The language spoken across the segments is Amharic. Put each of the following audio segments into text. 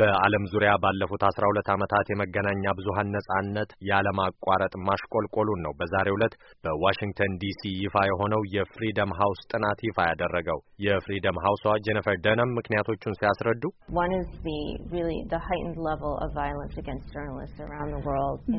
በዓለም ዙሪያ ባለፉት አስራ ሁለት ዓመታት የመገናኛ ብዙሀን ነጻነት ያለማቋረጥ ማሽቆልቆሉን ነው በዛሬው ዕለት በዋሽንግተን ዲሲ ይፋ የሆነው የፍሪደም ሀውስ ጥናት ይፋ ያደረገው። የፍሪደም ሀውሷ ጄኒፈር ደነም ምክንያቶቹን ሲያስረዱ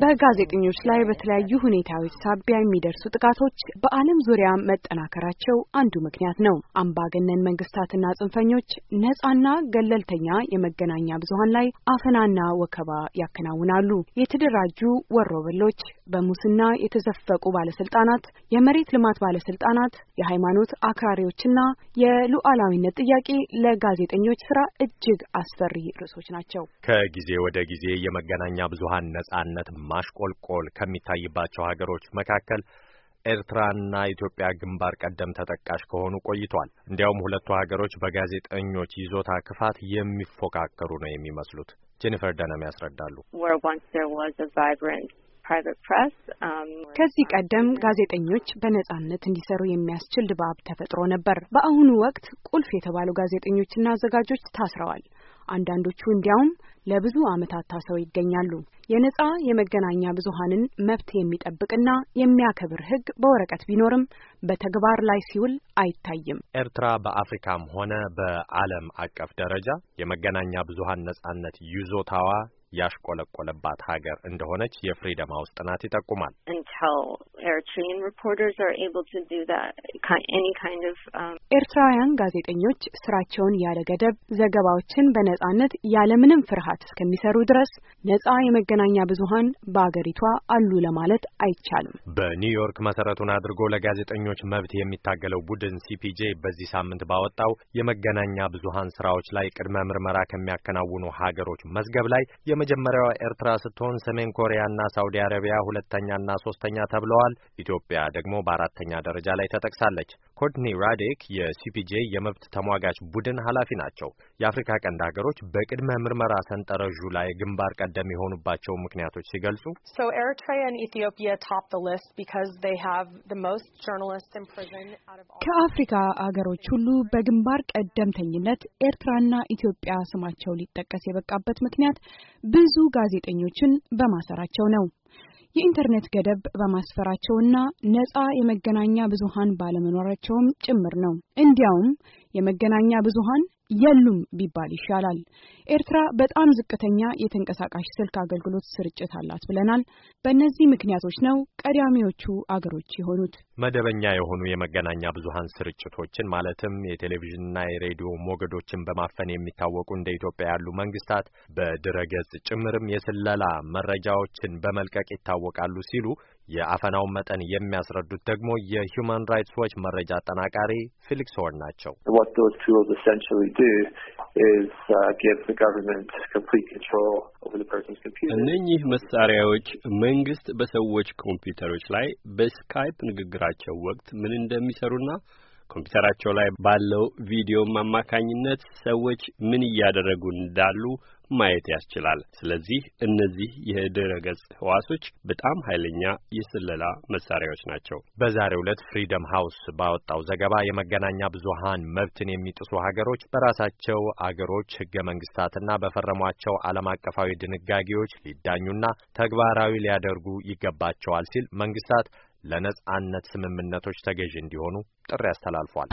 በጋዜጠኞች ላይ በተለያዩ ሁኔታዎች ሳቢያ የሚደርሱ ጥቃቶች በዓለም ዙሪያ መጠናከራቸው አንዱ ምክንያት ነው። አምባገነን መንግስታትና ጽንፈኞች ነጻና ገለልተኛ የመገናኛ ብዙሀን ላይ አፈናና ወከባ ያከናውናሉ። የተደራጁ ወሮበሎች፣ በሙስና የተዘፈቁ ባለስልጣናት፣ የመሬት ልማት ባለስልጣናት፣ የሃይማኖት አክራሪዎችና የሉዓላዊነት ጥያቄ ለጋዜጠኞች ስራ እጅግ አስፈሪ ርዕሶች ናቸው። ከጊዜ ወደ ጊዜ የመገናኛ ብዙሀን ነጻነት ማሽቆልቆል ከሚታይባቸው ሀገሮች መካከል ኤርትራና ኢትዮጵያ ግንባር ቀደም ተጠቃሽ ከሆኑ ቆይቷል። እንዲያውም ሁለቱ ሀገሮች በጋዜጠኞች ይዞታ ክፋት የሚፎካከሩ ነው የሚመስሉት። ጄኒፈር ደነም ያስረዳሉ። Um, ከዚህ ቀደም ጋዜጠኞች በነጻነት እንዲሰሩ የሚያስችል ድባብ ተፈጥሮ ነበር። በአሁኑ ወቅት ቁልፍ የተባሉ ጋዜጠኞችና አዘጋጆች ታስረዋል። አንዳንዶቹ እንዲያውም ለብዙ ዓመታት ታስረው ይገኛሉ። የነጻ የመገናኛ ብዙሃንን መብት የሚጠብቅና የሚያከብር ሕግ በወረቀት ቢኖርም በተግባር ላይ ሲውል አይታይም። ኤርትራ በአፍሪካም ሆነ በዓለም አቀፍ ደረጃ የመገናኛ ብዙሃን ነጻነት ይዞታዋ ያሽቆለቆለባት ሀገር እንደሆነች የፍሪደም ሀውስ ጥናት ይጠቁማል። ኤርትራውያን ጋዜጠኞች ስራቸውን ያለ ገደብ ዘገባዎችን በነጻነት ያለምንም ፍርሃት እስከሚሰሩ ድረስ ነጻ የመገናኛ ብዙሀን በአገሪቷ አሉ ለማለት አይቻልም። በኒውዮርክ መሰረቱን አድርጎ ለጋዜጠኞች መብት የሚታገለው ቡድን ሲፒጄ በዚህ ሳምንት ባወጣው የመገናኛ ብዙሀን ስራዎች ላይ ቅድመ ምርመራ ከሚያከናውኑ ሀገሮች መዝገብ ላይ የመጀመሪያዋ ኤርትራ ስትሆን ሰሜን ኮሪያና ሳውዲ አረቢያ ሁለተኛና ሶስተኛ ሶስተኛ ተብለዋል። ኢትዮጵያ ደግሞ በአራተኛ ደረጃ ላይ ተጠቅሳለች። ኮርትኒ ራዴክ የሲፒጄ የመብት ተሟጋች ቡድን ኃላፊ ናቸው። የአፍሪካ ቀንድ ሀገሮች በቅድመ ምርመራ ሰንጠረዡ ላይ ግንባር ቀደም የሆኑባቸው ምክንያቶች ሲገልጹ ከአፍሪካ አገሮች ሁሉ በግንባር ቀደምተኝነት ኤርትራና ኢትዮጵያ ስማቸው ሊጠቀስ የበቃበት ምክንያት ብዙ ጋዜጠኞችን በማሰራቸው ነው። የኢንተርኔት ገደብ በማስፈራቸውና ነፃ የመገናኛ ብዙሃን ባለመኖራቸውም ጭምር ነው። እንዲያውም የመገናኛ ብዙሃን የሉም ቢባል ይሻላል። ኤርትራ በጣም ዝቅተኛ የተንቀሳቃሽ ስልክ አገልግሎት ስርጭት አላት ብለናል። በእነዚህ ምክንያቶች ነው ቀዳሚዎቹ አገሮች የሆኑት። መደበኛ የሆኑ የመገናኛ ብዙሀን ስርጭቶችን ማለትም የቴሌቪዥንና የሬዲዮ ሞገዶችን በማፈን የሚታወቁ እንደ ኢትዮጵያ ያሉ መንግስታት በድረገጽ ጭምርም የስለላ መረጃዎችን በመልቀቅ ይታወቃሉ ሲሉ የአፈናውን መጠን የሚያስረዱት ደግሞ የሂውማን ራይትስ ዎች መረጃ አጠናቃሪ ፊሊክስ ሆርን ናቸው። is uh, give the government complete control over the person's computer. እነኚህ መሳሪያዎች መንግስት በሰዎች ኮምፒውተሮች ላይ በስካይፕ ንግግራቸው ወቅት ምን እንደሚሰሩና ኮምፒውተራቸው ላይ ባለው ቪዲዮም አማካኝነት ሰዎች ምን እያደረጉ እንዳሉ ማየት ያስችላል። ስለዚህ እነዚህ የድረ ገጽ ህዋሶች በጣም ኃይለኛ የስለላ መሳሪያዎች ናቸው። በዛሬው ዕለት ፍሪደም ሃውስ ባወጣው ዘገባ የመገናኛ ብዙሃን መብትን የሚጥሱ ሀገሮች በራሳቸው አገሮች ህገ መንግስታትና በፈረሟቸው ዓለም አቀፋዊ ድንጋጌዎች ሊዳኙና ተግባራዊ ሊያደርጉ ይገባቸዋል ሲል መንግስታት ለነጻነት ስምምነቶች ተገዢ እንዲሆኑ ጥሪ አስተላልፏል።